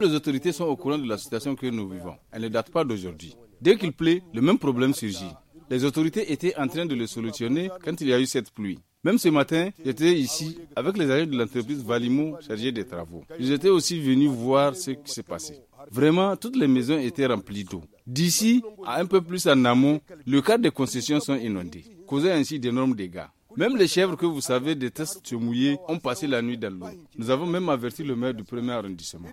Les autorités sont au courant de la situation que nous vivons. Elle ne date pas d'aujourd'hui. Dès qu'il pleut, le même problème surgit. Les autorités étaient en train de le solutionner quand il y a eu cette pluie. Même ce matin, j'étais ici avec les agents de l'entreprise Valimo chargés des travaux. Ils étaient aussi venus voir ce qui s'est passé. Vraiment, toutes les maisons étaient remplies d'eau. D'ici à un peu plus en amont, le cadre des concessions sont inondés, causant ainsi d'énormes dégâts. Même les chèvres que vous savez détestent se mouiller ont passé la nuit dans l'eau. Nous avons même averti le maire du premier arrondissement.